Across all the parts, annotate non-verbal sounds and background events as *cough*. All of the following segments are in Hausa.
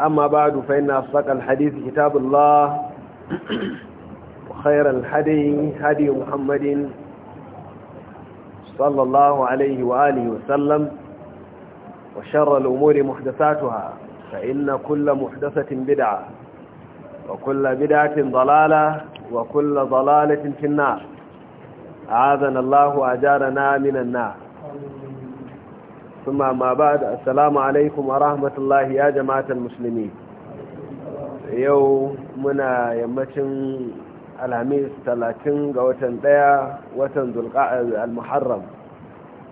أما بعد فإن أصدق الحديث كتاب الله وخير الحدي هدي محمد صلى الله عليه وآله وسلم وشر الأمور محدثاتها فإن كل محدثة بدعة وكل بدعة ضلالة وكل ضلالة في النار أعاذنا الله أجارنا من النار ثم ما بعد السلام عليكم ورحمة الله يا جماعة المسلمين يوم منا يمتن الهميس ثلاثين قوتن ديا وتن ذو المحرم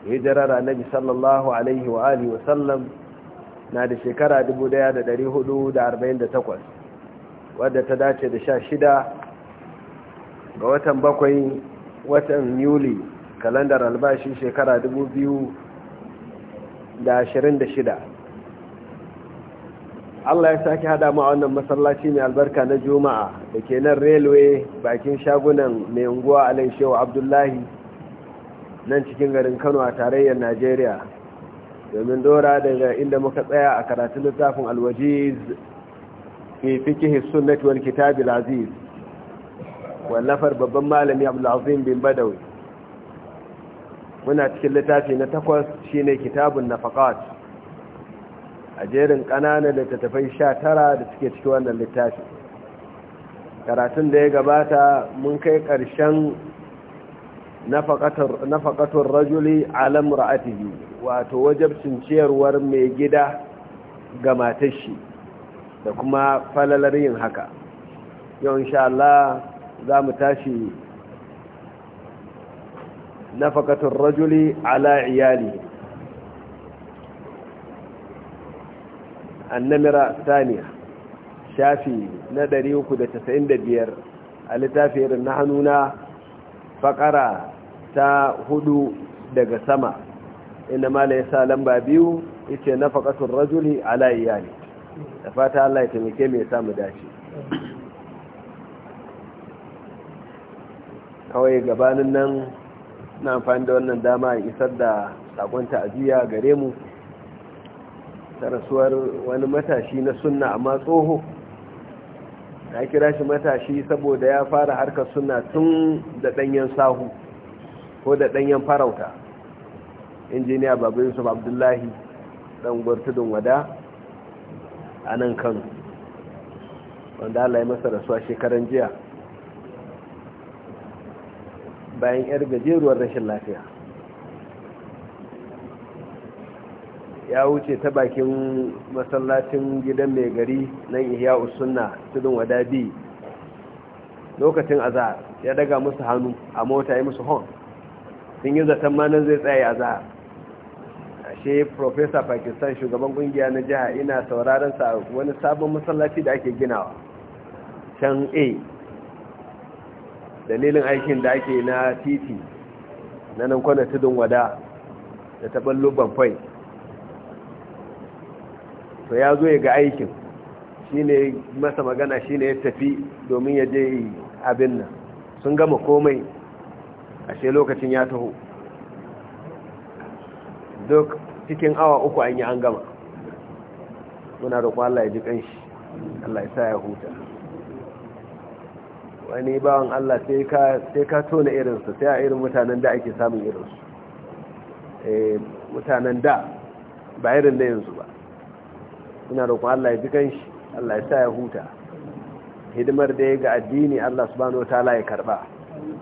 hijirar annabi sallallahu alaihi wa alihi wa sallam na da shekara 1448 wadda ta dace da 16 ga watan bakwai watan yuli kalandar albashi shekara 2000 da ashirin da shida Allah ya sake hada mu a wannan masallaci mai albarka na juma'a da ke nan railway bakin shagunan mai unguwa alai shehu abdullahi nan cikin garin kano a tarayyar najeriya domin dora daga inda muka tsaya a karatun littafin alwajiz fi fikihi sunnati wal kitabil aziz wallafar babban malami abdul azim bin badawi muna cikin littafi na takwas shine kitabun nafaqat a jerin ƙananan littattafai tara da suke cikin wannan littafi karatun da ya gabata mun kai ƙarshen nafaqatur rajuli ala imra'atihi wato wajen ciyarwar mai gida ga matar shi da kuma falalar yin haka yau insha Allah za mu tashi nafakatun rajuli ala iyali annamira saniya shafi na biyar a littafin na hannuna fakara ta hudu daga sama inda ma ya sa lamba biyu ita nafakatun rajuli ala iyali da fata Allah ya taimake mai samu dace kawai gabanin nan na amfani da wannan dama in isar da sakon ta'aziyya gare mu ta rasuwar wani matashi na sunna amma tsoho na kira shi matashi saboda ya fara harkar sunna tun da ɗanyen sahu ko da ɗanyen farauta injiniya babu yusuf abdullahi ɗan gwartudun wada a nan kano wanda ala ya masa rasuwa shekaran jiya bayan yar gajeruwar rashin lafiya ya wuce ta bakin masallacin gidan mai gari nan ihya usunna tudun bi lokacin azahar ya daga musu hannu a mota ya musu horn sun yi zaton manan zai tsaye azahar ashe Profesa pakistan shugaban kungiya na jiha ina sauraron sa wani sabon masallaci da ake ginawa can a dalilin aikin da ake na titi na nan kwana tudun wada da taɓar lubban fai to ya zo ya ga aikin shi ne masa magana shi ne ya tafi domin ya je abin nan sun gama komai ashe lokacin ya taho duk cikin awa uku an yi an gama muna roƙon Allah ya ji ƙanshi Allah ya sa ya huta wani bawan Allah sai ka tona irinsu sai a irin mutanen da ake samun irinsu eh, mutanen da ba irin da yanzu ba suna roƙon Allah ya kan shi Allah ya sa ya huta hidimar da ya ga addini Allah su subhanahu wataala ya karba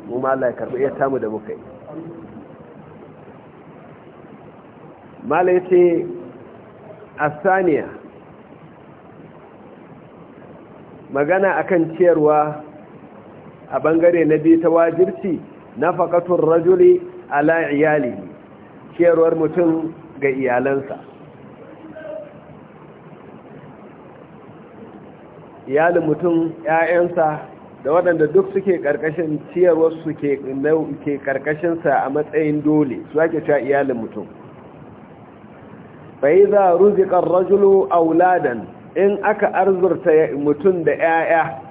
mu ma Allah ya karba ya tamu da muka yi malaita asaniya magana akan ciyarwa a bangare na biyu ta na fakatun rajuli ala iyali ciyarwar mutum ga iyalansa iyalin mutum 'ya'yansa da waɗanda duk suke ƙarƙashin ciyarwarsu ke ƙarƙashinsa a matsayin dole su ake cewa iyalin mutum bai za ruzikar rajulu auladan in aka arzurta mutum da 'ya'ya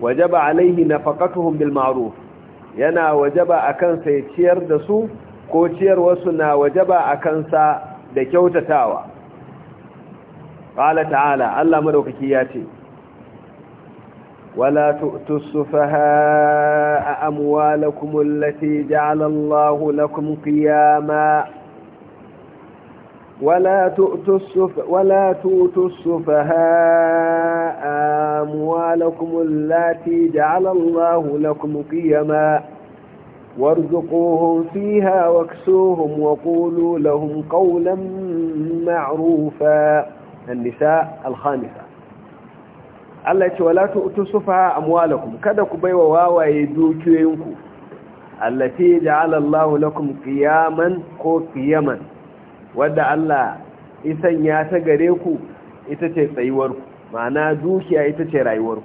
wajaba alaihi nafaqatuhum bil ma'ruf yana wajaba akan sai ciyar da su ko ciyar wasu na wajaba akan sa da kyautatawa qala ta'ala Allah madaukaki ya ce ولا تؤتوا السفهاء أموالكم التي جعل الله ولا تؤتوا السف ولا تؤتوا السفهاء أموالكم التي جعل الله لكم قيما وارزقوهم فيها واكسوهم وقولوا لهم قولا معروفا النساء الخامسة التي ولا تؤتوا السفهاء أموالكم كذا كبي كبيوا يدو يدوكوا التي جعل الله لكم قياما قو قياما wadda Allah isan ya ta gare ku ita ce tsayuwarku ma'ana dukiya ita ce rayuwarku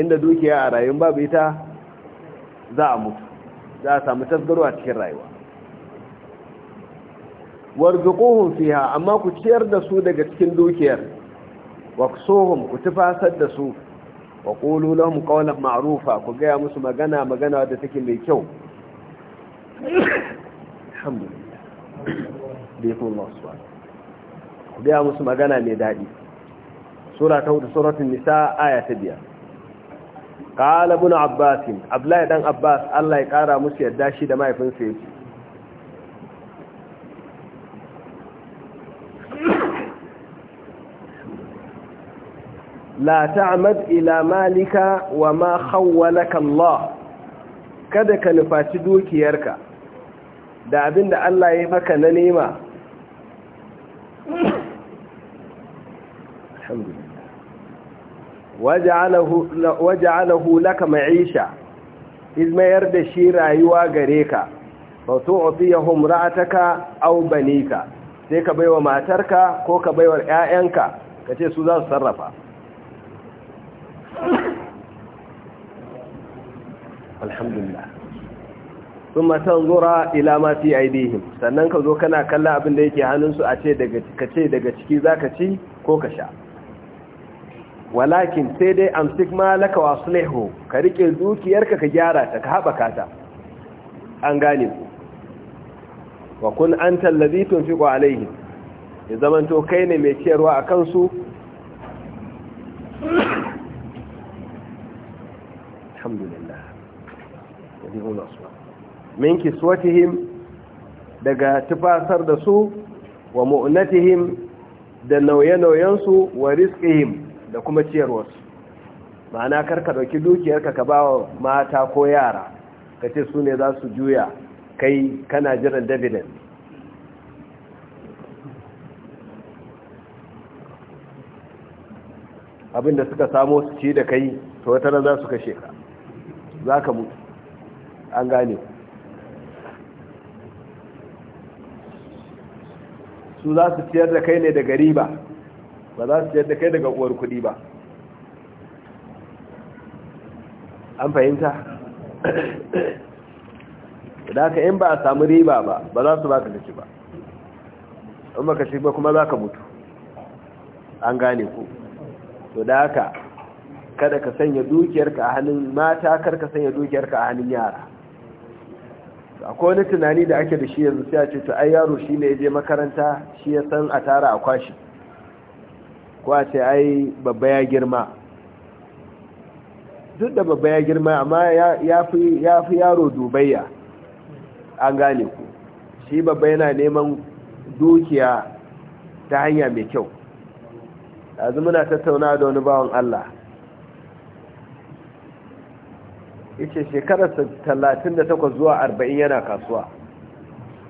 inda dukiya a rayun babu ita za a mutu za a samu tasgaro a cikin rayuwa warzuquhum fiha amma ku ciyar da su daga cikin dukiyar waqsuhum ku tufasar da su wa qulu lahum ƙaunar maarufa ku gaya musu magana magana wadda take mai kyau *coughs* da ya fi Allah ku gaya musu magana mai daɗi sura ta hudu suratun nisa aya ta biyar قال Abbasin, Abla ya ɗan Abbas, Allah ya ƙara musu yadda shi da mahaifinsa ya ce. la ta'mad ila malika wa ma khawwalaka Allah kada ka nufaci dukiyarka da abinda Allah ya maka na nema الحمد لله وجعله وجعله لك معيشه اذ ما يرد شي رايوا غريكا فتعطيهم راتك او بنيك sai ka baiwa matarka ko ka baiwa ƴaƴanka ka ce su za sarrafa alhamdulillah sun matan zura ilama fi aidihim sannan ka zo kana kalla abin da yake hannunsu a ce daga ciki za ka ci ko ka sha walakin sai dai amsik malaka wa ka rike dukiyarka ka gyara ta ka haɓaka ta an gane ku wa kun anta allazi tunfiqu alaihi ya zamanto kai ne mai ciyarwa a kansu alhamdulillah min kiswatihim daga tufasar da su wa mu'natihim da nauye-nauyensu wa rizqihim da kuma ciyarwarsu ma'ana karka ɗauki dukiyarka ka ba wa mata ko yara ka ce su ne za su juya kai kana jiran dividend abinda suka samo su ci da kai to wata za su kashe ka za ka mutu an gane su za su ciyar da kai ne daga riba ba za su yadda kai daga uwar kuɗi ba an fahimta da haka in ba a samu riba ba ba za su ba ka kaci ba in ba ka ci ba kuma za ka mutu an gane ku to da haka kada ka sanya dukiyarka a hannun mata kar ka sanya dukiyarka a hannun yara akwai wani tunani da ake da shi yanzu sai a ce to ai yaro shi ne ya je makaranta shi ya san a tara a kwashi ko a ce ai babba ya girma duk da babba ya girma amma ya fi yaro dubayya an gane ku shi babba yana neman dukiya ta hanya mai kyau yanzu muna tattauna da wani bawan Allah ice shekararsa 38 zuwa 40 yana kasuwa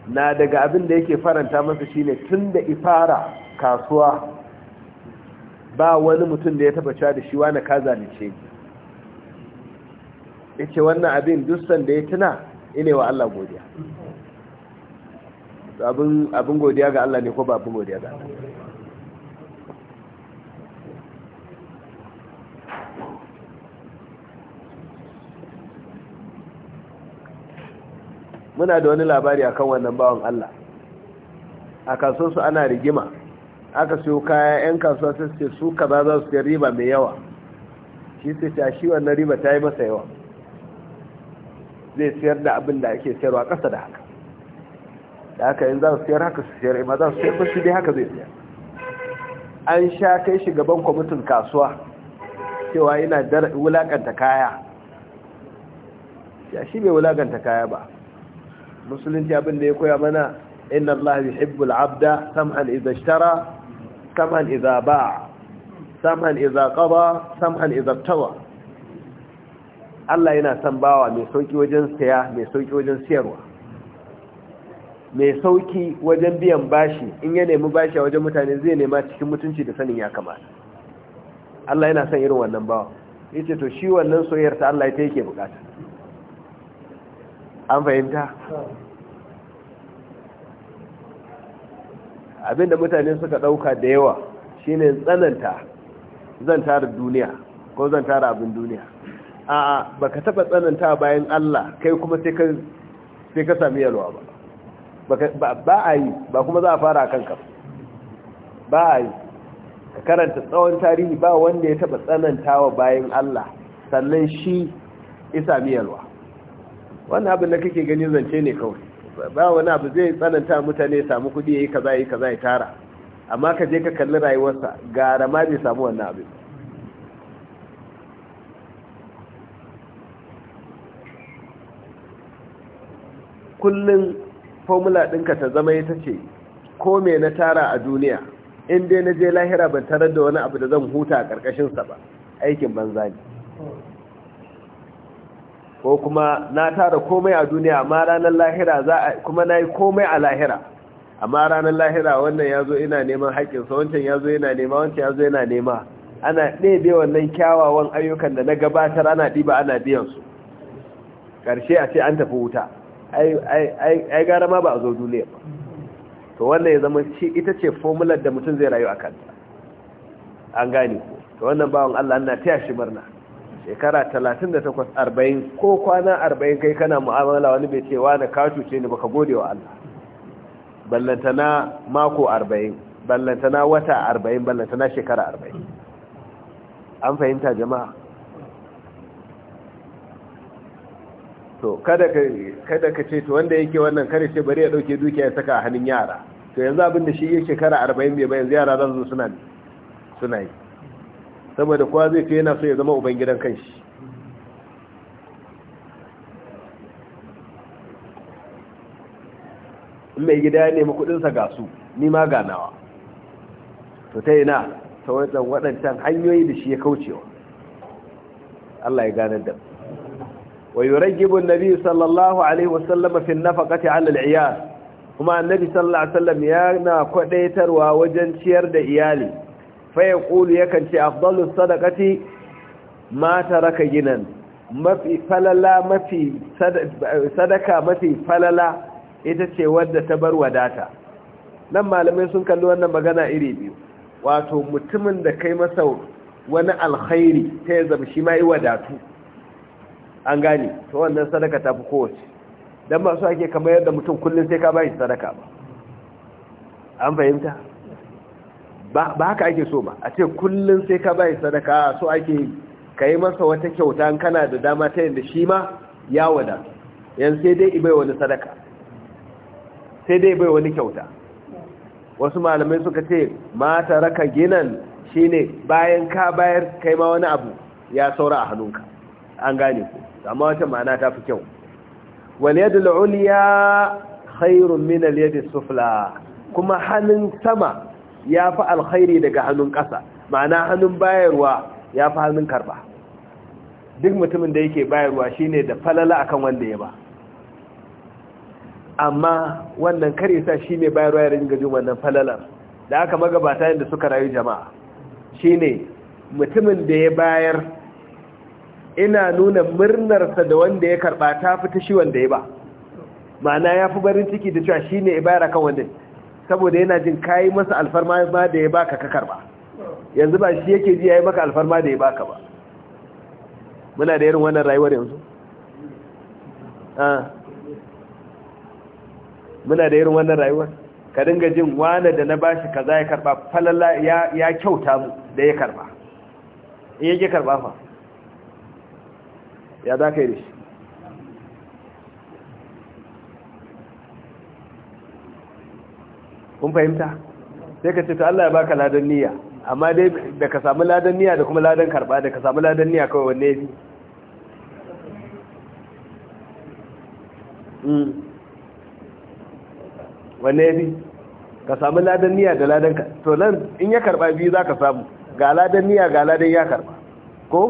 na daga abin da yake faranta masa shine tun da ifara kasuwa ba wani mutum da ya taba cewa da shi wani ka zalunce ni yace wannan abin duk sanda ya tuna ine wa Allah godiya abin abin godiya ga Allah ne ko ba abin godiya ga Allah muna da wani labari akan wannan bawan Allah a kasuwarsu ana rigima aka siyo kaya 'yan kasuwa sai suke su ka za su riba mai yawa shi sai ta shi wannan riba ta yi masa yawa zai siyar da abin da ake siyarwa ƙasa da haka da haka yin za su siyar haka su siyar ima za su siyar ba shi dai haka zai siyar an sha kai shi gaban kwamitin kasuwa cewa yana wulaƙanta kaya ya shi bai wulaƙanta kaya ba musulunci abin da ya koya mana inna Allah yuhibbul abda sam'an idza ishtara saman iza ba saman iza kaba saman iza tawa Allah yana san bawa mai sauki wajen saya mai sauki wajen siyarwa mai sauki wajen biyan bashi in ya nemi bashi a wajen mutane zai nema cikin mutunci da sanin ya kamata Allah yana son irin wannan bawa ce to shi wannan soyayyar Allah Allah ta yake bukata an fahimta abinda mutane suka dauka da yawa shine tsananta zan tara duniya ko zan tara abin duniya a'a baka taba tsananta bayan Allah kai kuma sai ka sai ka sami yalwa ba ba a yi ba kuma za a fara kanka ba a yi ka karanta tsawon tarihi ba wanda ya taba tsanantawa bayan Allah sannan shi isa miyalwa wannan abin da kake gani zance ne kawai ba wani abu zai tsananta mutane samu kuɗi yi kaza yayi kaza ya tara amma ka je ka kalli rayuwarsa gara ma zai samu wannan abin kullum formula ɗinka ta zama ita ce ko me na tara a duniya in na je lahira ban tarar da wani abu da zan huta a ƙarƙashinsa ba aikin banza ne ko kuma na tara komai a duniya amma ranar lahira za a kuma na yi komai a lahira amma ranar lahira wannan ya zo ina neman haƙƙinsa wancan ya zo ina nema wancan ya zo ina nema ana ɗebe wannan kyawawan ayyukan da na gabatar ana ɗiba ana biyan su ƙarshe a ce an tafi wuta ai gara ma ba a zo duniya ba to wannan ya zama shi ita ce formular da mutum zai rayu a kanta an gane ku, to wannan bawan Allah na taya shi murna shekara talatin da takwas arba'in ko kwana arba'in kai kana mu'amala wani bai cewa da ka cuce ni baka gode wa Allah ballantana mako arba'in ballantana wata arba'in ballantana shekara arba'in an fahimta jama'a to kada ka ce to wanda yake wannan kare ce bari ya dauke dukiya ya saka a hannun yara to yanzu abin da shi yake shekara arba'in bai bayan yara zan zo suna yi saboda kowa zai fiye na so ya zama ubangidan kanshi in mai gida ya nemi kudinsa ga su ni ma ganawa to ta ina ta waɗancan hanyoyi da shi ya kaucewa Allah ya ganar da wa yurajjibun nabi sallallahu alaihi wasallam fi nafaqati ala al-iyal kuma annabi sallallahu alaihi wasallam yana kwadaitarwa wajen ciyar da iyali faya ƙulu yakan ce afdalus sadakati ma taraka ginan mafi falala mafi sadaka mafi falala ita ce wadda ta bar wadata nan malamai sun kalli wannan magana iri biyu wato mutumin da kai masa wani alkhairi ta yanzu, zama shi ma wadatu an gane to wannan sadaka ta fi kowace don masu ake kamar yadda mutum kullum sai ka bashi sadaka ba an fahimta ba haka ake so ba a ce kullum sai ka bai sadaka so ake yi ka yi masa wata kyauta kana da dama ta yadda shi ma ya wada yan sai dai ibai wani sadaka sai dai bai wani kyauta wasu malamai suka ce mata raka ginan shine bayan ka bayar kai ma wani abu ya saura a hannunka an gane ku amma wata ma'ana ta fi kyau wal yadul ulya khairun min al yadi sufla kuma hannun sama ya fi alkhairi daga hannun ƙasa ma'ana hannun bayarwa ya fi hannun karɓa duk mutumin da yake bayarwa shine da falala akan wanda ya ba amma wannan kare sa shi mai bayarwa ya ringa jin wannan falalar da aka magabata yadda suka rayu jama'a shine mutumin da ya bayar ina nuna murnarsa da wanda ya karɓa ta fi ta shi wanda ya ba ma'ana ya fi barin ciki da cewa shi ne ya bayar akan wanda ya saboda yana jin kayi masa alfarma ma da ya baka ka karba yanzu ba shi yake ji yayi maka alfarma da ya baka ba muna da irin wannan rayuwar yanzu ah. muna da irin wannan rayuwar ka dinga jin wane da na bashi kaza ya karba falalla ya kyauta mu da ya karba in yake karba fa ya za ka yi da shi kun fahimta sai ka ce to Allah ya baka ladan niyya amma dai da ka samu ladan niyya da kuma ladan karba da ka samu ladan niyya kawai wanne yafi mm wanne yafi ka samu ladan niyya da ladan ka to nan in ya karba biyu zaka samu ga ladan niyya ga ladan ya karba ko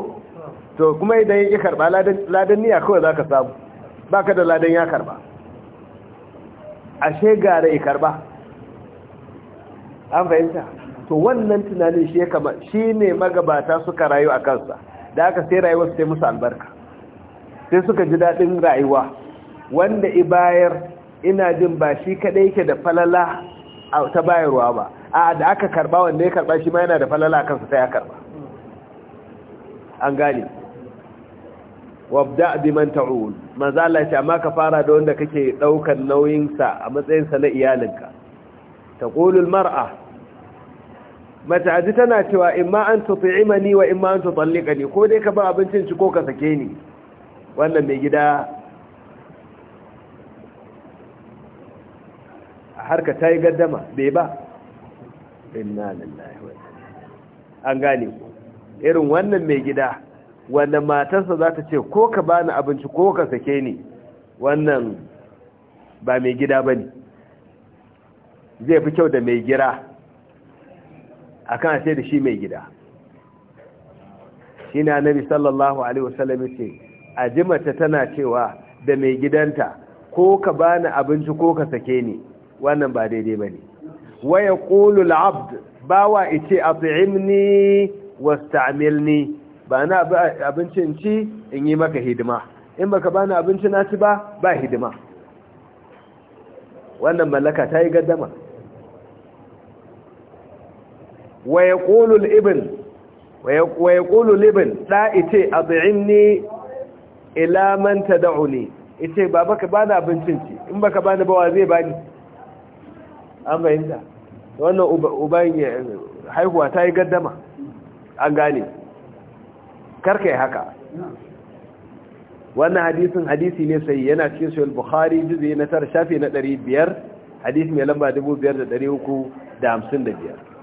to kuma idan ya karba ladan ladan niyya kawai zaka samu baka da ladan ya karba ashe gare i karba an fahimta to wannan tunanin shi ya kama shi ne magabata suka rayu a kansa da aka sai su sai musu albarka sai suka ji daɗin rayuwa wanda ibayar ina jin ba shi kaɗai yake da falala ta bayarwa ba a da aka karba wanda ya karba shi ma yana da falala a kansa ta ya karba an gane wabda bi man ta'ul maza Allah amma ka fara da wanda kake daukan nauyinsa a matsayinsa sa na iyalinka taqulul mar'a aji tana cewa in ma an imani wa in ma an tutalliqani ko dai ka ba abincin ci ko ka sake ni wannan mai gida harka ta yi gaddama bai ba inna lillahi wa an gane ku irin wannan mai gida wanda matarsa za ta ce ko ka bani abinci ko ka sake ni wannan ba mai gida ba ne zai fi kyau da mai gira akan sai da shi mai gida shine annabi sallallahu alaihi wasallam ce, ajimata tana cewa da mai gidanta ko ka bani abinci ko ka sake ni wannan ba daidai bane wa yaqulu al-abd wa ice at'imni wasta'milni ba na abincin ci in yi maka hidima in baka bani abinci na ci ba ba hidima wannan mallaka ta yi gaddama wa yaqulu al-ibn wa yaqulu al-ibn da ite ad'inni ila man tad'uni ite baba ka bani abincin ci in baka bani ba wa zai bani an inda wannan uban haihuwa ta yi gaddama an gane karka yi haka wannan hadisin hadisi ne sai yana cikin sahih bukhari juzu na tara shafi na 500 hadisi mai lamba 5355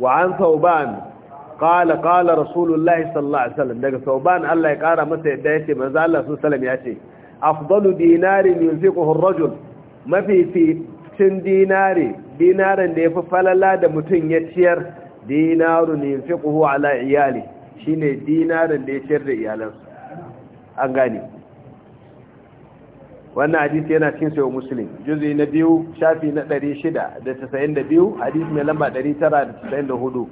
وعن ثوبان قال قال رسول الله صلى الله daga ثوبان Allah ya kara masa yadda ce manzo Allah sallallahu alaihi yace afdalu dinarin yunfiquhu ar-rajul mafi fitin dinari dinarin da yafi falala da mutum ya ciyar dinarun yunfiquhu ala iyali shine dinarin da ya ciyar da iyalansa an gane wannan hadisi yana cikin sayo muslim juzi na biyu shafi na 692 hadisi mai lamba 994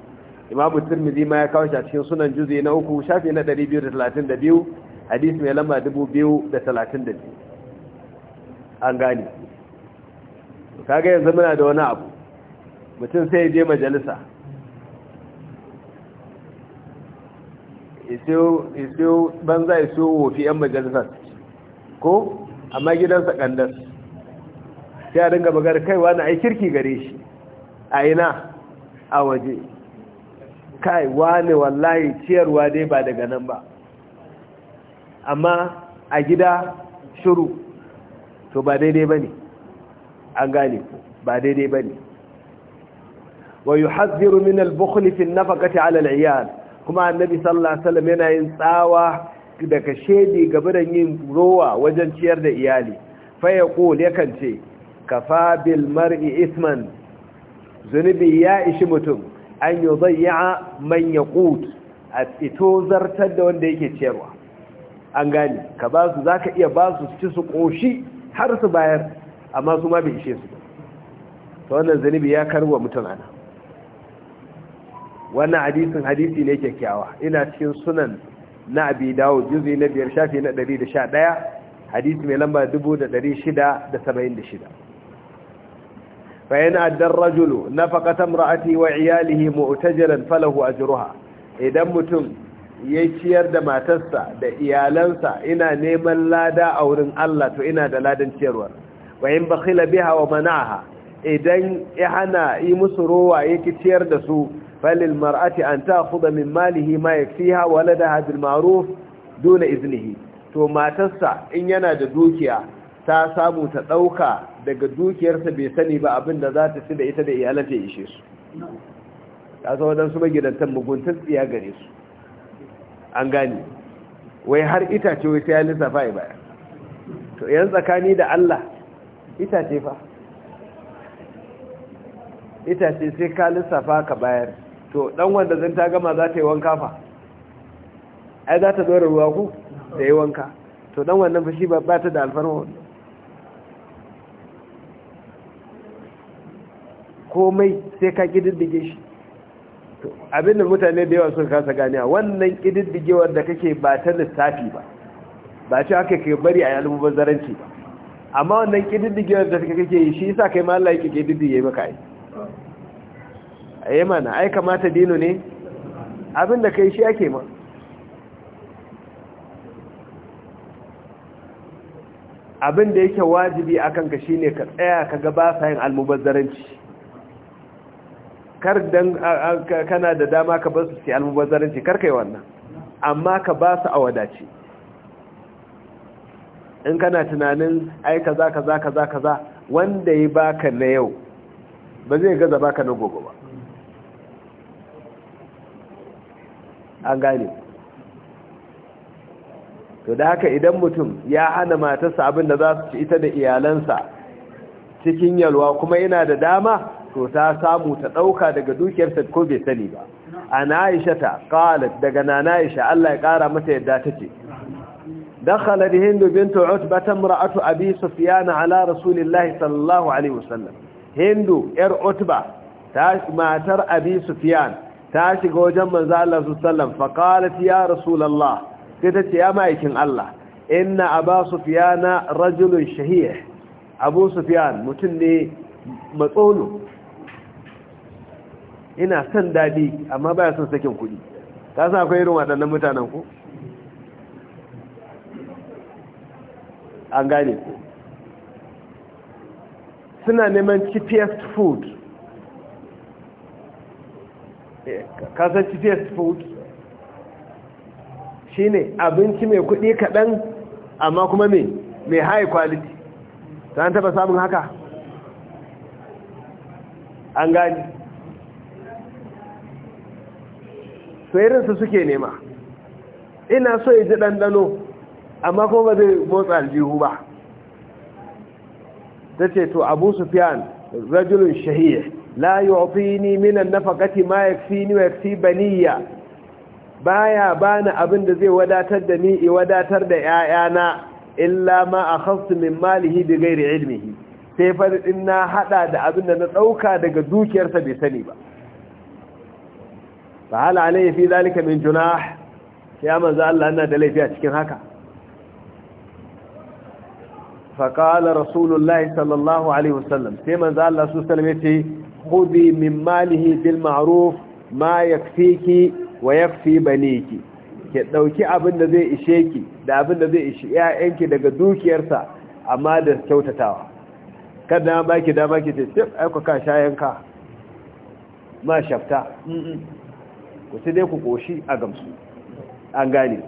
imamu tirmidhi ma ya kawo shi a cikin sunan juzi na uku shafi na 232 hadisi mai lamba 232 an gane kaga yanzu muna da wani abu mutum sai je majalisa isiyo banza isiyo wofi 'yan majalisar ko amma gidansa kandas sai a dinga kai wani a ai kirki gare shi a ina a waje kai wani wallahi ciyarwa dai ba daga nan ba amma a gida shiru to ba daidai ba ne an gane ku ba daidai ba ne wa yi haziru min albukhlifin na fakati alal iyal kuma annabi sallallahu alaihi yana yin tsawa daga shedi gaba da yin rowa wajen ciyar da iyali Faye kul yakan ce kafa bil mar'i isman zunubi ya ishi mutum an yi zayya man ya kut a ito zartar da wanda yake ciyarwa an gani ka ba su za ka iya ba su ci su ƙoshi har su bayar amma su ma bai ishe su ta wannan zunubi ya karuwa mutum ana wannan hadisin hadisi ne kyakkyawa ina cikin sunan na abi dawo juzi na biyar shafi na 111 hadisi mai lamba 676 fayin addar rajulu na faƙatan ra'ati wa iyalihi mu'tajiran falahu ajruha idan mutum ya ciyar da matarsa da iyalansa ina neman lada a wurin Allah to ina da ladan ciyarwar wa in bakhila biha wa mana'aha idan ya hana yi musu rowa ki ciyar da su falil mar'ati an ta'khudha min malihi ma yakfiha waladaha bil ma'ruf duna iznihi to matarsa in yana da dukiya ta samu ta dauka daga dukiyarsa bai sani ba abin da za ta ci da ita da iyalanta ya ishe su ta zo wadansu magidantan muguntar tsiya gare su an gane wai har itace wai sai ya lissafa ya baya to yan tsakani da Allah itace fa itace sai ka lissafa ka bayar to dan wanda zan ta gama za ta yi wanka fa ai za ta dora ruwa ku da yi wanka to dan wannan fashi ba ba ta da alfarma komai sai ka kididdige shi abin da mutane da yawa sun kasa ganiya wannan kididdigewar da kake ba ta lissafi ba ba ce aka kai bari a yi almubazzaranci ba amma wannan kididdigewar da kake yi shi yasa kai ma Allah yake kididdige maka yi eh mana ai kamata dino ne abinda kai shi ake ma abinda yake wajibi akan ka shine ka tsaya ka ga ba sa yin almubazzaranci kar dan kana da dama ka ba su sai almubazzaranci kar kai wannan amma ka ba su a wadace in kana tunanin ai kaza kaza kaza kaza wanda ya baka na yau ba zai gaza baka na gobe ba an gane to da haka idan mutum ya hana matarsa abin da za su ci ita da iyalansa cikin yalwa kuma yana da dama to ta samu ta ɗauka daga dukiyarsa ko bai sani ba ana aisha ta daga nana aisha Allah ya ƙara mata yadda ta ce dakhala hindu bint utba tamra'atu abi sufyan ala rasulillahi sallallahu alaihi wasallam hindu yar utba ta matar abi sufyan ta shiga wajen manzo Allah sallallahu faqalat ya rasulullah sai ta ce ya ma'aikin Allah inna aba sufyana rajulun shahih abu sufyan mutum ne matsolo ina son dadi amma baya son sakin kuɗi ka san akwai irin waɗannan mutanen ku an gane ku suna neman cheapest food kasar wuki. food ne, abinci mai kuɗi kaɗan amma kuma mai mai high quality ta an taɓa samun haka an gani irinsu suke nema ina so ya ji ɗanɗano amma kuma ba zai motsa aljihu ba ta ce to abu su fiye rajulun shahiyar la yu'tini min an-nafaqati ma yakfini wa yakfi baniya baya bani abin da zai wadatar da ni i wadatar da 'ya'yana illa ma akhadtu min malihi bighairi ilmihi sai fa in na hada da abin da na dauka daga dukiyarsa bai sani ba fa hal alayhi fi zalika min junah ya manzo Allah ina da laifi a cikin haka fa qala rasulullahi sallallahu alaihi wasallam sai manzo Allah su sallame ce خذي min malihi بالمعروف ما ma ويكفي wa ke baniki ki dauki abin da zai ishe ki da abin da zai ishi ƴaƴanki daga dukiyarsa amma da kyautatawa kada ba ki dama ki ce tsif aiko ka shayanka ma shafta ku sai dai ku koshi a gamsu an gane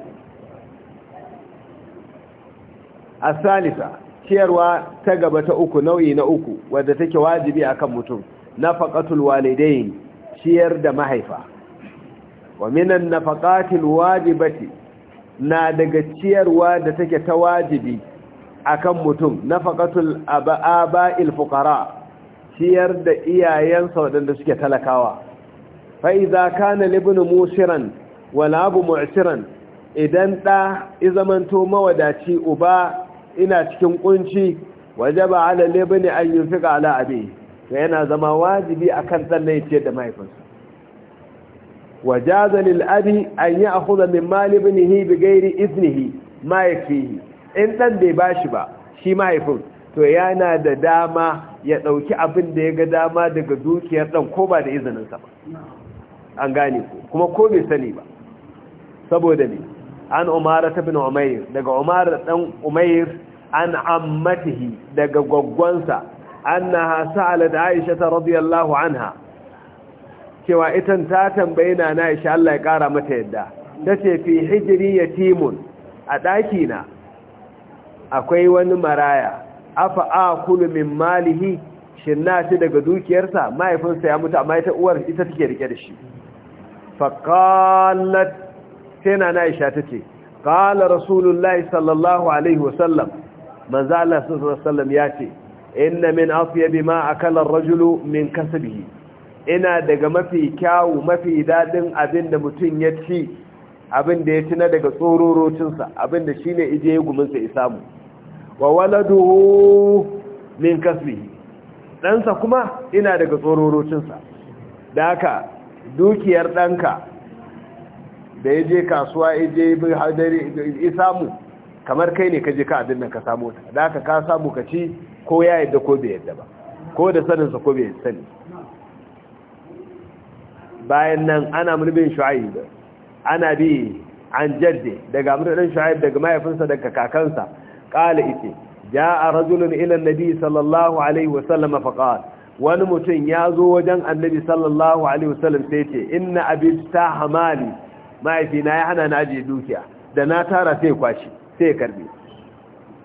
a salisa ciyarwa ta gaba ta uku nau'i na uku wadda take wajibi akan mutum nafaqatul walidain ciyar da mahaifa wa minan nafaqatil wajibati na daga ciyarwa da take ta wajibi akan mutum nafaqatul aba'il fuqara ciyar da iyayensa waɗanda suke talakawa fa idza kana libnu musiran wala abu mu'siran idan ɗa izamanto mawadaci uba ina cikin kunci wajaba ala libni an yunfiqa ala abi to yana zama wajibi a kan tsallai ciyar da mahaifinsa wajaza lil abi an yi ya'khudha min mali ibnihi izini iznihi ma in ɗan bai bashi ba shi mahaifin to yana da dama ya ɗauki abin da ya ga dama daga dukiyar ɗan, ko ba da izininsa ba an gane ku kuma ko bai sani ba saboda ne an umara ta bin umair daga umara ɗan umair an ammatihi daga gwaggwansa annaha da Aisha radiyallahu anha cewa itan ta tambayi na na Aisha Allah ya kara mata yadda tace fi hijri yatimun a ɗakina akwai wani maraya afa akulu min malihi shin na ci daga dukiyarsa mahaifinsa ya mutu amma ita uwar ita take rike da shi faqalat sai na na Aisha tace qala rasulullahi sallallahu alaihi wasallam manzo Allah sallallahu alaihi ya ce inna min afyabi ma akala ar-rajulu min kasbihi ina daga mafi kyawu mafi dadin abin da mutum ya ci abin da ya ci na daga tsororocinsa abin da shine ije ya gumin sa isamu wa waladuhu min kasbihi ɗansa kuma ina daga tsororocinsa da haka dukiyar ɗanka da yaje kasuwa ya bi hadari isamu kamar kai ne ka je ka abin nan ka samu ta da haka ka samu ka ci ko ya yadda ko bai yadda ba ko da saninsa ko bai sani bayan nan ana mulbin shu'aib ana bi an jaddi daga mulbin shu'aib daga mahaifinsa daga kakansa kala ite a rajulun ilan nabi sallallahu alaihi wasallam faqala wani mutum ya zo wajen annabi sallallahu alaihi wasallam sai ce inna ta hamali mahaifina ya hana na ajiye dukiya da na tara sai kwashi sai karbe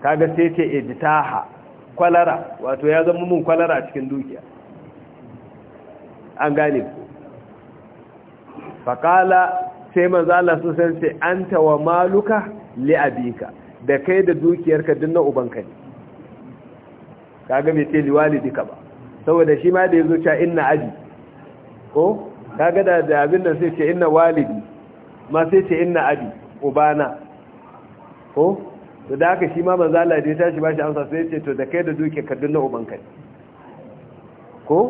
kaga sai ce ijtaha kwalara wato ya zama mun kwalara a cikin dukiya an gane ku faƙala sai manzala sun san sai an tawa maluka li'abika da kai da dukiyarka duk na ubanka ne kaga bai ce liwalidika ba saboda shi ma da yazo cewa inna aji ko kaga da da abin da sai ce inna walidi ma sai ce inna abi ubana ko to da haka shi ma manzo Allah da ya tashi bashi amsa sai ce to da kai da duke ka dunna uban kai ko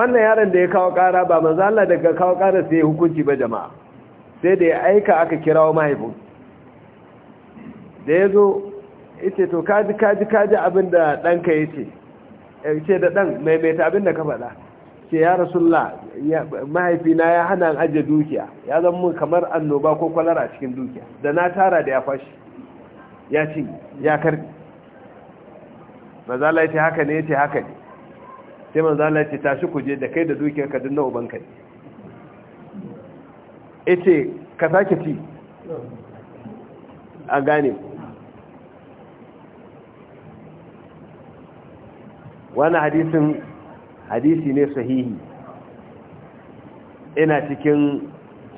wannan yaron da ya kawo kara ba manzo Allah daga kawo kara sai ya hukunci ba jama'a sai da ya aika aka kirawo mahaifin da ya zo ita to kaji kaji kaji abinda ɗanka ya ce ya ce da ɗan maimaita abinda ka faɗa ce ya rasulullah mahaifina ya hana an ajiye dukiya ya zama mun kamar annoba ko kwalara a cikin dukiya da na tara da ya fashi ya ci ya karbi mazala ya ce haka ne ya ce haka ne sai mazala ya ce shi kuje da kai da dukiyar ka dinna ubanka ne ya ce ka sake ci a gane wani hadisin hadisi ne sahihi ina cikin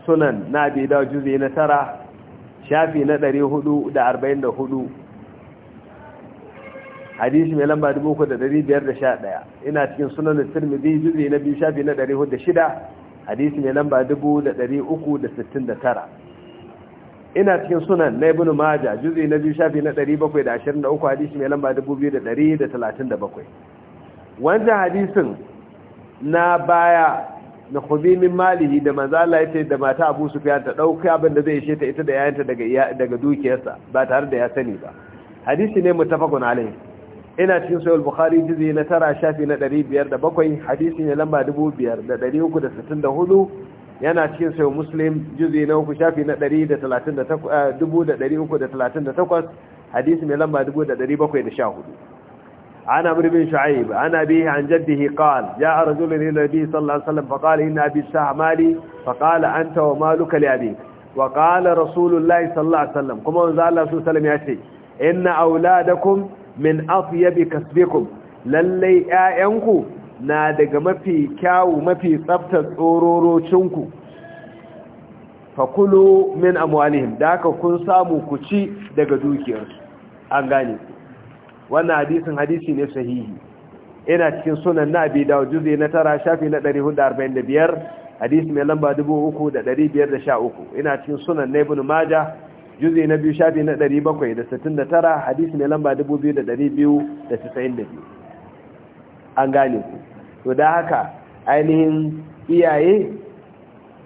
sunan na da juzi na tara shafi na 444 hadisi mai lamba 3511 ina cikin sunan tirmidhi juzi na biyu shafi na 406 hadisi mai lamba 369 ina cikin sunan na ibn majah juzi na biyu shafi na 723 hadisi mai lamba 2237 wancan hadisin na baya na khuzimin malihi da manzo Allah ya ce da mata Abu Sufyan ta dauka abinda zai ishe ta ita da yayanta daga daga dukiyarsa ba tare da ya sani ba hadisi ne muttafaqun alayhi ina cikin sahih al-bukhari jizi na tara shafi na 507 hadisi ne lamba 2364 yana cikin sahih muslim jizi na uku shafi na 138 eh, hadisi ne lamba 1714 عن عمرو بن شعيب عن أبيه عن جده قال جاء رجل إلى النبي صلى الله عليه وسلم فقال إن أبي الشاه مالي فقال أنت ومالك لأبيك وقال رسول الله صلى الله عليه وسلم كما أنزل الله صلى الله عليه وسلم يأتي إن أولادكم من أطيب كسبكم للي آئنكم نادق ما في كاو ما في صبتة أورورو شنكو فكلوا من أموالهم داك haka kun samu ku ci daga dukiyarsu wannan hadisin hadisi ne sahihi ina cikin sunan na abi juzi na tara shafi na 445 hadisi mai lamba 3513 ina cikin sunan na ibn maja juzi na biyu shafi na 769 hadisi mai lamba 2292 an gane ku to da haka ainihin iyaye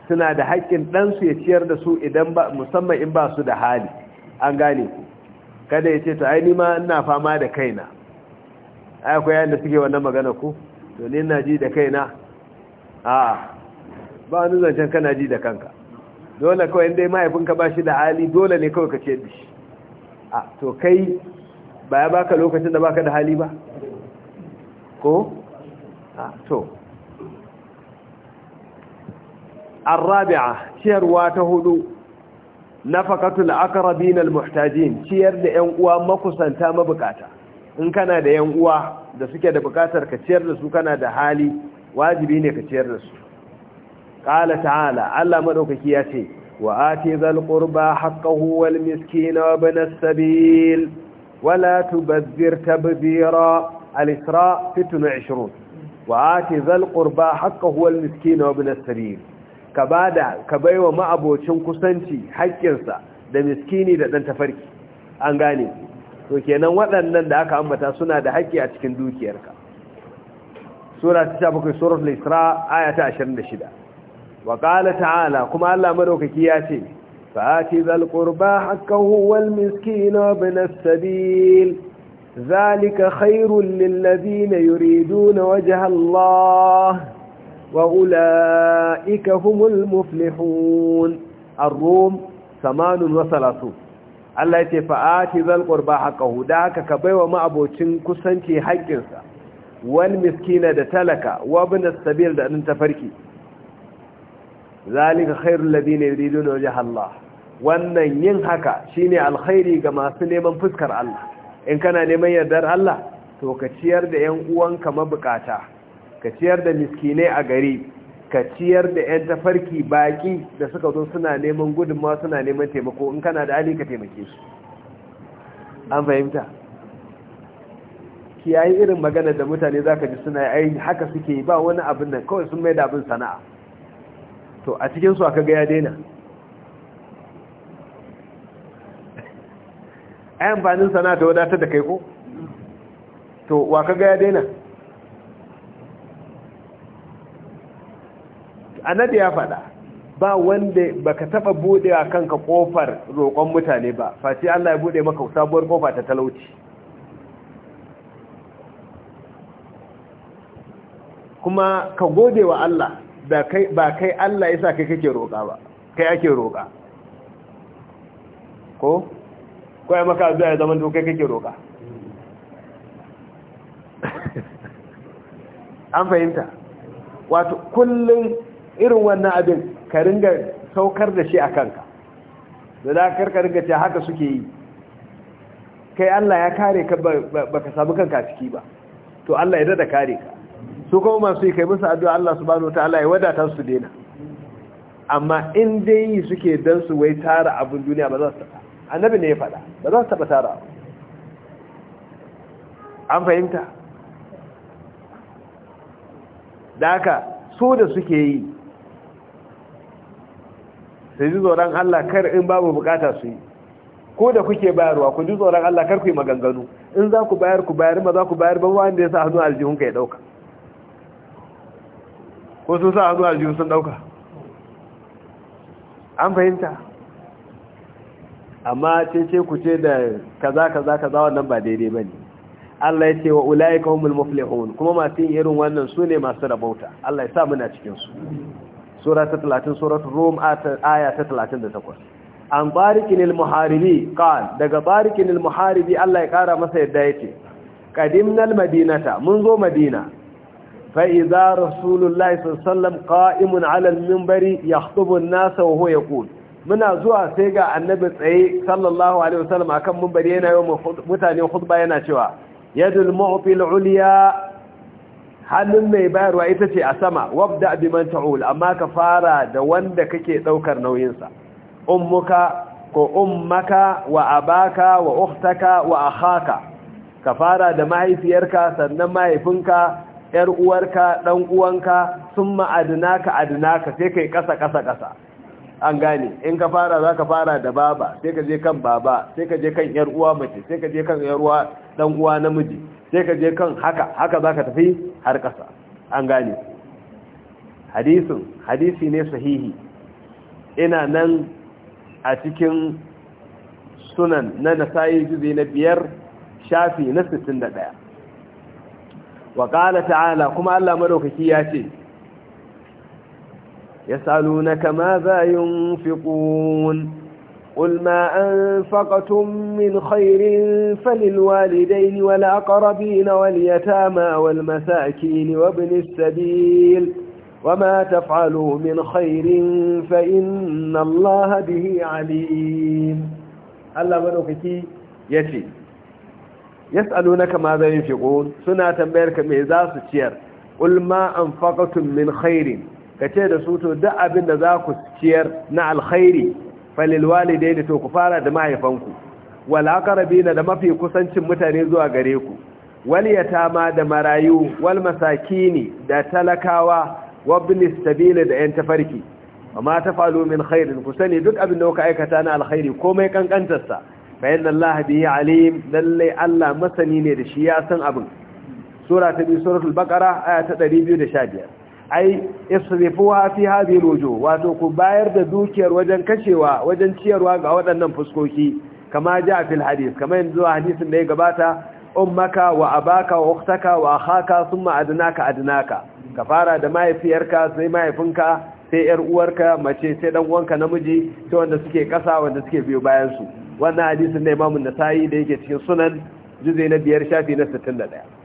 suna da haƙƙin ɗansu ya ciyar da su idan ba musamman in ba su da hali an gane ku kada ya ce to ai ma ina fama da kaina ai akwai yayin da suke wannan magana ku to ni ina ji da kaina a ba wani zancen kana ji da kanka dole kawai inda mahaifinka ba shi da hali dole ne kawai ka ce da shi a to kai ba ya baka lokacin da baka da hali ba ko a to الرابعة ciyarwa ta hudu nafakatul aqrabin almuhtajin ciyar da yan uwa makusanta mabukata in kana da yan uwa da suke da bukatar ka ciyar da su kana da hali wajibi ne ka ciyar da su qala ta'ala Allah madaukaki ya ce wa ati zal qurba haqqahu wal miskina wa ibn as-sabil wa la tubdhir tabdhira al-isra 26 wa ati zal qurba haqqahu wal miskina wa ibn as-sabil ka bada ka baiwa ma'abocin kusanci haƙƙinsa da miskini da ɗan tafarki an gane to kenan waɗannan da aka ambata suna da haƙƙi a cikin dukiyarka sura ta 17 surat al-isra ayata ta 26 wa qala ta'ala kuma Allah madaukaki ya ce fa'ati zal qurba haqqahu wal miskin wa ibn as-sabil zalika khairul lil ladina yuriduna wajha Allah وأولئك هم المفلحون الروم ثمان وثلاثون Allah ya ce fa'ati zal qurba haqqahu da haka ka baiwa ma'abocin kusanci haƙƙinsa wal miskina da talaka wa ibn as-sabil da dan tafarki zalika khairul ladina yuriduna wajha Allah wannan yin haka shine alkhairi ga masu neman fuskar Allah in kana neman yardar Allah to ka ciyar da 'yan uwanka mabukata ka ciyar da miskinai a gari ka ciyar da 'yan tafarki baki da suka zo suna neman gudunmawa suna neman taimako in kana da ali ka taimake su an fahimta kiyaye irin magana da mutane za ka ji suna yi haka suke ba wani abin nan kawai sun mai da abin sana'a to a cikinsu aka ga ya daina ai amfanin sana'a ta wadatar da kai ko to wa ka ga ya daina annabi ya faɗa ba wanda baka taba a kanka kofar roƙon mutane ba face Allah ya bude maka sabuwar kofa ta talauci kuma ka gode wa Allah da kai ba kai Allah yasa kai kake roƙa ba kai ake roƙa ko ko ya maka zuwa zaman to kai kake roƙa *laughs* an fahimta wato kullum irin wannan abin ka ringa saukar da shi a kanka da za ka ringa ce haka suke yi kai Allah ya kare ka ba ka samu kanka ciki ba to Allah ya dada kare ka su kuma masu yi kai musu addu'a Allah ta Allah ya wadata su dena amma in dai yi suke don su wai tara abin duniya ba za su taba annabi ne ya faɗa ba za su taba tara an fahimta da aka so da suke yi sai ji tsoron Allah kar in babu bukata su yi ko da kuke bayarwa ku ji tsoron Allah kar ku yi maganganu in za ku bayar ku bayar ma za ku bayar ban wanda ya sa hannu aljihun ka ya dauka ko sun sa hannu aljihun sun dauka an fahimta amma ce ce ku ce da kaza kaza kaza wannan ba daidai ba ne, Allah ya ce wa ulaika humul muflihun kuma masu yin irin wannan su ne masu rabauta Allah ya sa muna cikin su sura ta 30 surat rum aya ta 38 an barikin al-muharibi qal daga barikin al-muharibi Allah ya kara masa yadda yake qadimna al-madinata mun zo madina fa idza rasulullahi sallallahu qa'imun 'ala al-minbari yakhطubu an-nasa wa huwa yaqul muna zuwa sai ga annabi tsaye sallallahu alaihi wasallam akan minbari yana yi mutane khutba yana cewa yadul mu'til 'ulya hannun mai bayarwa ita ce a sama wabda abiman ta'ul amma ka fara da wanda kake daukar nauyinsa ummuka ko ummaka wa abaka wa ukhtaka wa akhaka ka fara da mahaifiyarka sannan mahaifinka yar uwarka dan uwanka summa adnaka adnaka sai kai kasa kasa kasa an gane in ka fara za ka fara da baba sai ka je kan baba sai ka je kan yar uwa mace sai ka je kan yar uwa dan uwa namiji sai ka je kan haka haka za ka tafi har ƙasa an gane hadisin hadisi ne sahihi ina nan a cikin sunan na nasayi juzi na biyar shafi na 61 wa ƙala ta'ala kuma allah madaukaki ya ce ya salu na kama za yin fiƙun قل ما أنفقتم من خير فللوالدين والأقربين واليتامى والمساكين وابن السبيل وما تفعلوا من خير فإن الله به عليم الله منوكي يتي يسألونك ماذا ينفقون سنة تنبيرك ميزاس تشير قل ما أنفقتم من خير كتير سوتو دع بنا ذاك تشير نع الخير falil da to ku fara da mahaifanku wal aqrabina da mafi kusancin mutane zuwa gare ku wal yatama da marayu wal masakini da talakawa wabni sabili da yan tafarki amma tafalu min khairin ku duk abin da kuka aikata na alkhairi komai sa fa inna allah bihi alim lalle allah masani ne da shi ya san abin sura ta bi suratul baqara aya ta 215 ai isrifuha fi hadhihi alwujuh wato ku bayar da dukiyar wajen kashewa wajen ciyarwa ga waɗannan fuskoki kama ja fil hadith kama yanzu hadisin da ya gabata ummaka wa abaka wa ukhtaka wa akhaka thumma adnaka adnaka ka fara da mahaifiyarka sai mahaifinka sai yar uwarka mace sai dan uwanka namiji sai wanda suke kasa wanda suke biyo bayan su wannan hadisin da Imam An-Nasa'i da yake cikin Sunan juz'i na 5 shafi na 61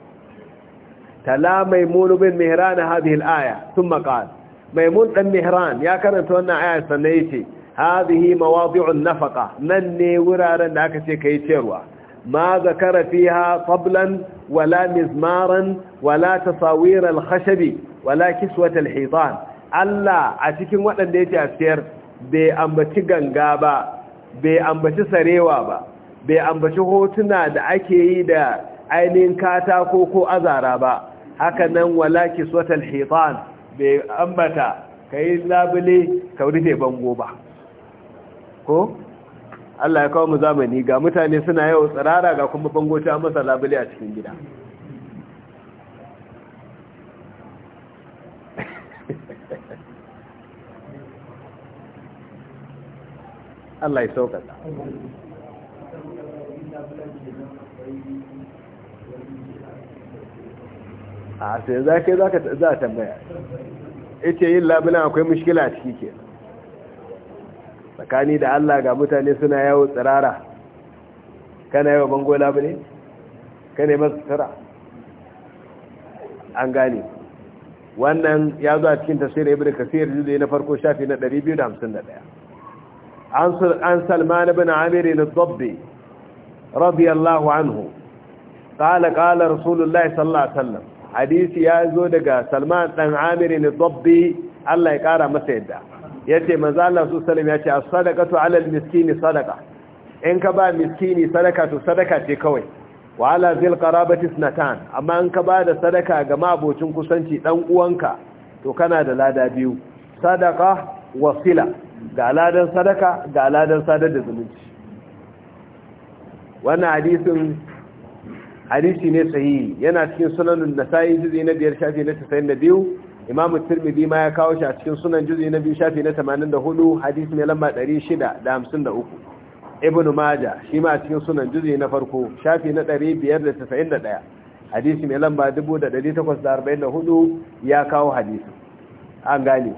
تلا ميمون بن مهران هذه الآية ثم قال ميمون بن مهران يا كانت وانا آية سنيتي هذه مواضع النفقة نني ورارا لك كي تروى ما ذكر فيها طبلا ولا مزمارا ولا تصاوير الخشب ولا كسوة الحيطان ألا أتكين وانا ديتي أسير بأنبتي غنغابا بأنبتي سريوابا بأنبتي هوتنا دا أكيدا ainihin katako ko azara ba haka nan walaki kiswatal hitan bai ambata kai labule ka rufe bango ba ko Allah ya kawo mu zamani ga mutane suna yau tsirara ga kuma bango ta masa labule a cikin gida *laughs* Allah ya a sai za ka yi za a tambaya ita yin labulan akwai mushkila a ciki ke tsakani da allah ga mutane suna yawo tsirara kana yawo bango labule kana yi masu tsira an gane wannan ya zo a cikin tasirin ibn kasir yi na farko shafi na 251 an salman ibn amiri na dabbi radiyallahu anhu قال قال رسول الله صلى الله عليه وسلم hadisi ya zo daga salman ɗan amiri ne dabbi allah ya ƙara masa yadda ya ce maza allah su salim ya ce a sadaka to alal miskini sadaka in ka ba miskini sadaka to sadaka ce kawai wa ala zil qarabati snatan amma in ka ba da sadaka ga mabocin kusanci dan uwanka to kana da lada biyu sadaka wasila ga ladan sadaka ga ladan sadar da zumunci wannan hadisin hadisi ne sahihi yana cikin sunanun nasa'i juzi na biyar shafi na 92 imam tirmidhi ma ya kawo shi a cikin sunan juzi na biyu shafi na 84 hadisi ne lamba uku. ibnu maja shi ma a cikin sunan juzi na farko shafi na 591 hadisi mai lamba 1844 ya kawo hadisi an gane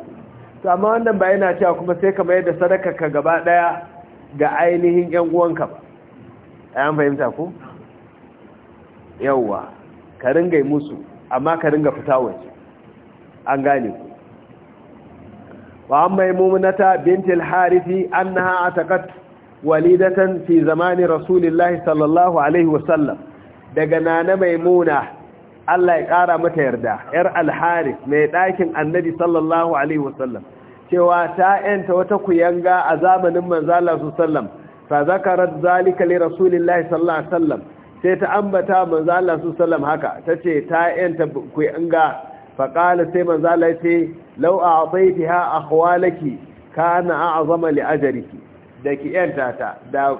to amma wannan ba yana cewa kuma sai ka mayar da sadaka ka gaba daya ga ainihin yan uwanka ba an fahimta ko yawwa ka ringa musu amma ka ringa fita waje an gane ku wa amma maimunata bintil al-harithi annaha ataqat walidatan fi zamani rasulillahi sallallahu alaihi wasallam daga nana maimuna Allah ya kara mata yarda ‘yar alharis mai Dakin, annabi sallallahu Alaihi wasallam cewa ta ‘yanta wata kuyanga a zamanin manzala su sallam fa zakarat zalika li rasulillahi sallallahu Alaihi wasallam sai ta ambata manzo Allah su sallam haka tace ta yanta ku inga qala sai manzo Allah yace law a'taytaha akhwalaki kana a'zama li ajriki da ki yanta ta da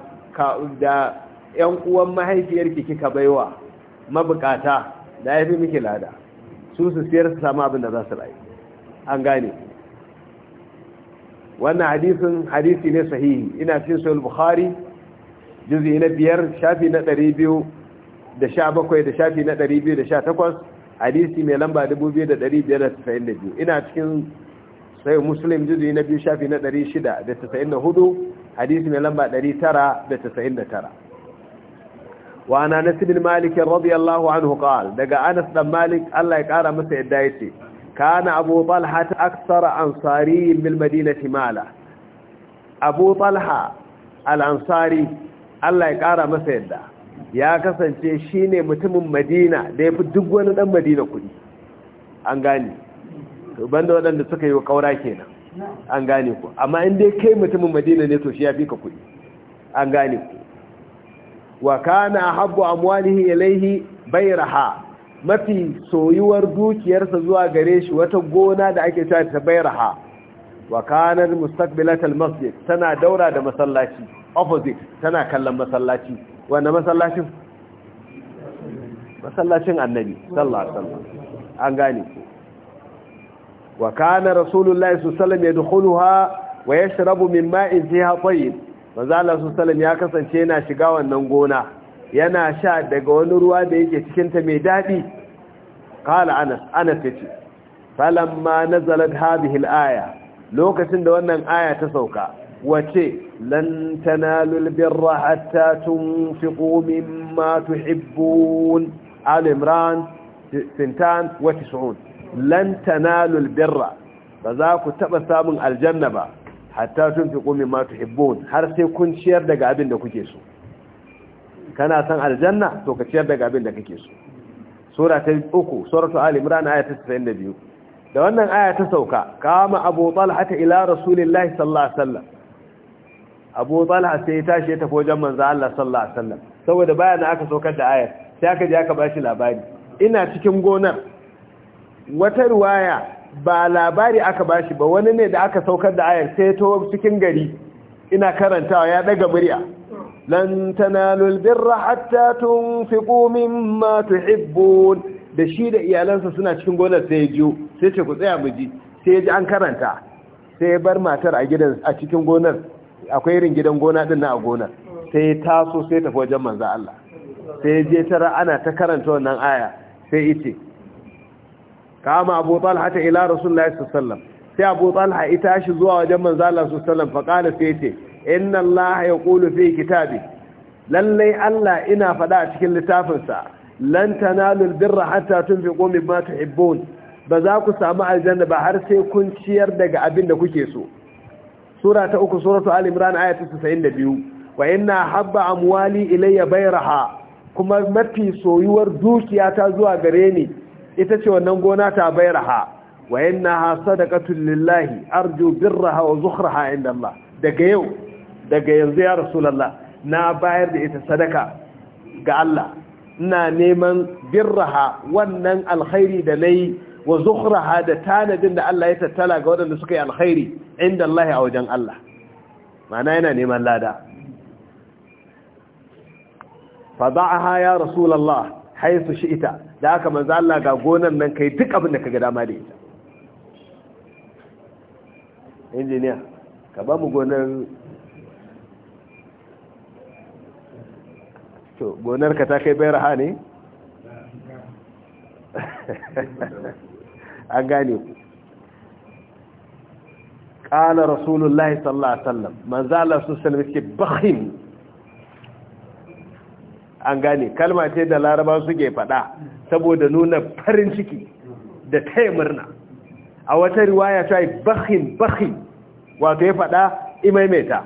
da yan uwan mahaifiyarki kika baiwa mabukata da yafi miki lada su su siyar su samu abin da za su rayu an gane wannan hadisin hadisi ne sahihi ina cikin sahih bukhari juzi na biyar shafi na ɗari biyu da sha bakwai da shafi na ɗari biyu da sha takwas hadisi mai lamba dubu biyu da ɗari biyar da tasa'in da biyu ina cikin sai muslim juzi na biyu shafi na ɗari shida da tasa'in da hudu hadisi mai lamba ɗari tara da tasa'in da tara wa ana nasu bin malikin radiyallahu anhu qal daga anas dan malik allah ya ƙara masa yadda ya ce kana abu talha ta aksara ansari bil madinati mala abu talha al ansari Allah ya ƙara masa yadda ya kasance shi ne mutumin madina da ya fi duk wani ɗan madina kuɗi an gane banda waɗanda suka yi wa ƙaura kenan an gane ku amma inda kai mutumin madina ne to shi ya fi ka kuɗi an gane ku wa kana habbu amwalihi ilaihi bayraha mafi soyuwar dukiyarsa zuwa gare shi wata gona da ake cewa ta bayraha wa kanar mustaqbilatal masjid tana daura da masallaci opposite tana kallon masallaci wanda masallacin masallacin annabi sallallahu alaihi wasallam an gane wa kana rasulullahi sallallahu alaihi wasallam yadkhuluha wa yashrabu min ma'in fiha tayyib manzo Allah sallallahu ya kasance yana shiga wannan gona yana sha daga wani ruwa da yake cikin ta mai dadi qala anas anas yace falamma nazalat hadhihi al-aya lokacin da wannan aya ta sauka wace lan tanalul birra hatta tunfiqu mimma tuhibbun al-imran tis'un lan tanalul birra ba za ku taba samun aljanna ba hatta tunfiqu mimma tuhibbun har sai kun ciyar daga abin da kuke so kana san aljanna to ka ciyar daga abin da kake so sura ta 3 suratul al-imran aya ta 92 da wannan aya ta sauka kama abu talha ta ila rasulillahi sallallahu alaihi wasallam abu talha sai ya tashi ya tafi wajen manzo Allah sallallahu alaihi wasallam saboda bayan aka saukar da ayar sai aka je aka bashi labari ina cikin gonar wata ruwaya, ba labari aka bashi ba wani ne da aka saukar da ayar sai to cikin gari ina karantawa ya daga murya lan tanalul birra hatta tunfiqu mimma tuhibbun da shi da iyalansa suna cikin gonar sai ya jiyo sai ce ku tsaya mu ji sai ya ji an karanta sai ya bar matar a gidan a cikin gonar akwai irin gidan gona din na a gonar sai ya taso sai tafi wajen manzo Allah sai ya je tara ana ta karanta wannan aya sai yace kama Abu Talha ta ila Rasulullahi sallallahu alaihi wasallam sai Abu Talha ya tashi zuwa wajen manzo Allah sallallahu alaihi wasallam fa kana sai yace inna Allah yaqulu fi kitabi lallai Allah ina fada a cikin littafinsa lan tanalul birra hatta tunfiqu mimma tuhibbun ba za ku samu aljanna ba har sai kun ciyar daga abin da kuke so sura ta uku suratu al-imran ayatu 92 wa inna habba amwali ilayya bayraha kuma mafi soyuwar dukiya ta zuwa gare ni ita ce wannan gona ta bayraha wa innaha sadaqatul lillahi arju birraha wa zukhraha inda Allah daga yau daga yanzu ya rasulullah na bayar da ita sadaka ga Allah ina neman birraha wannan alkhairi da nayi wa zukhra da tanadin da Allah ya tattala ga waɗanda suka yi alkhairi inda Allah a wajen Allah ma'ana yana neman lada fa da'aha ya rasulullah shi ita, da aka manzo Allah ga gonan nan kai duk abin da kaga dama da ita injiniya ka ba mu gonar to gonar ka ta kai bayar ha ne *laughs* an gane ku ƙala rasulullahi sallallahu alaihi wasallam manzala su salmi ke bakhim an gane kalma ce da laraba suke faɗa saboda nuna farin ciki da taya murna a wata riwaya ta yi bakhim bakhim wato ya faɗa imaimaita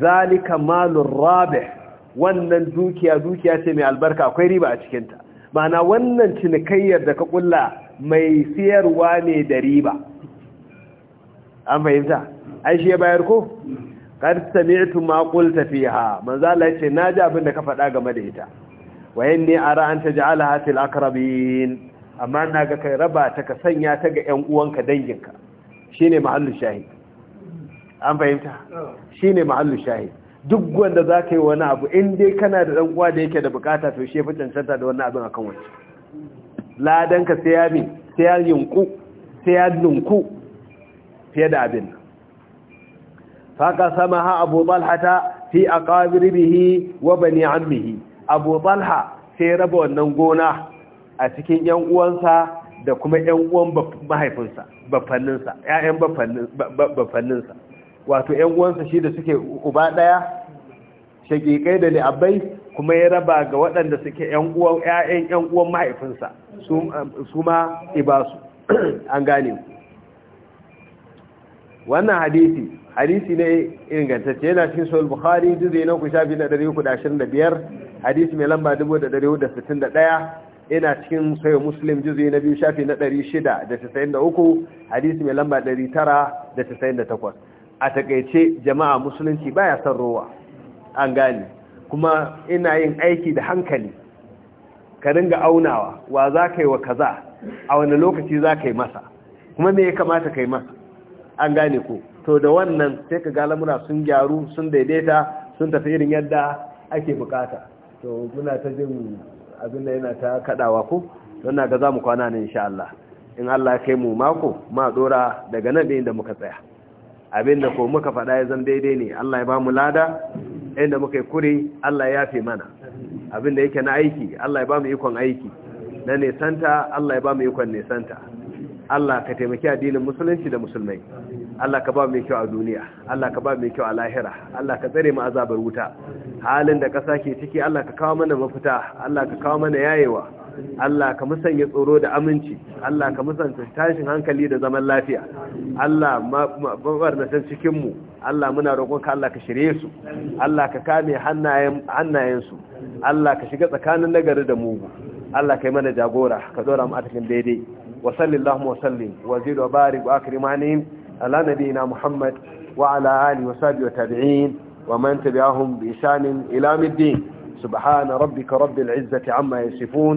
zalika malun rabe wannan dukiya dukiya ce mai albarka akwai riba a cikinta mana wannan cinikayyar da ka kulla mai siyarwa ne da riba an fahimta ai shi ya bayar ko Kar sami'tu ma qulta fiha manzo Allah yace naji abin da ka faɗa game da ita wa inni ara an taj'alaha hatil aqrabin amma na ga kai raba ta ka sanya ta ga ƴan uwanka danginka shine mahallu shahid an fahimta shine mahallu shahid duk wanda zaka yi wani abu in dai kana da dan uwa da yake da bukata to shi ya fi cancanta da wannan abin akan wancan ladanka sai ya min sai ya yinku sai ya fiye da abin faka sama ha abu ta fi aqabir bihi wa bani ammihi abu talha sai raba wannan gona a cikin yan uwansa da kuma yan uwan mahaifinsa bafanninsa bafanninsa wato yan uwansa shi da suke uba daya shakikai da abai? kuma ya raba ga waɗanda suke ‘yan’uwan uwan ‘ya'yan uwan mahaifinsa su ma ibasu *clears throat* an gane wannan hadisi hadisi ne ingantacce yana cikin sahih bukhari juzu na ku shafi na 325 hadisi mai lamba 1461 yana cikin sahih muslim juzu na biyu shafi na 693 hadisi mai lamba 998 a takaice jama'a musulunci baya son rowa an gane kuma ina yin aiki da hankali ka ringa aunawa wa za ka yi wa kaza a wani lokaci za ka yi masa kuma me ya kamata ka yi masa an gane ko to da wannan sai ka ga lamura sun gyaru sun daidaita sun tafi irin yadda ake bukata to muna ta jin abin da yana ta kadawa ko don na ga za mu kwana ne insha Allah in Allah kai mu mako ma dora daga nan da muka tsaya abin da ko muka faɗa ya zan daidai ne Allah ya ba mu lada inda muka yi kuri, Allah ya fi mana abin da yake na aiki Allah ya ba mu ikon aiki na nesanta Allah ya ba mu ikon nesanta Allah ka taimaki addinin musulunci da musulmai Allah ka ba mu kyau a duniya Allah ka ba mu kyau a lahira Allah ka tsare mu azabar wuta halin da ƙasa ke ciki Allah ka kawo mana mafita Allah ka kawo mana yayewa Allah ka musanya tsoro da aminci Allah ka musanta tashin hankali da zaman lafiya Allah mabarnatan cikin mu Allah muna roƙonka Allah ka shirye su Allah ka kame hannayen hannayen su Allah ka shiga tsakanin nagari da mugu Allah kai mana jagora ka dora mu atakin daidai wa sallallahu wa sallim wa zid wa barik wa akrim ala nabiyina Muhammad wa ala alihi wa sahbihi wa tabi'in wa man tabi'ahum bi ihsan ila middin سبحان ربك رب العزة عما يصفون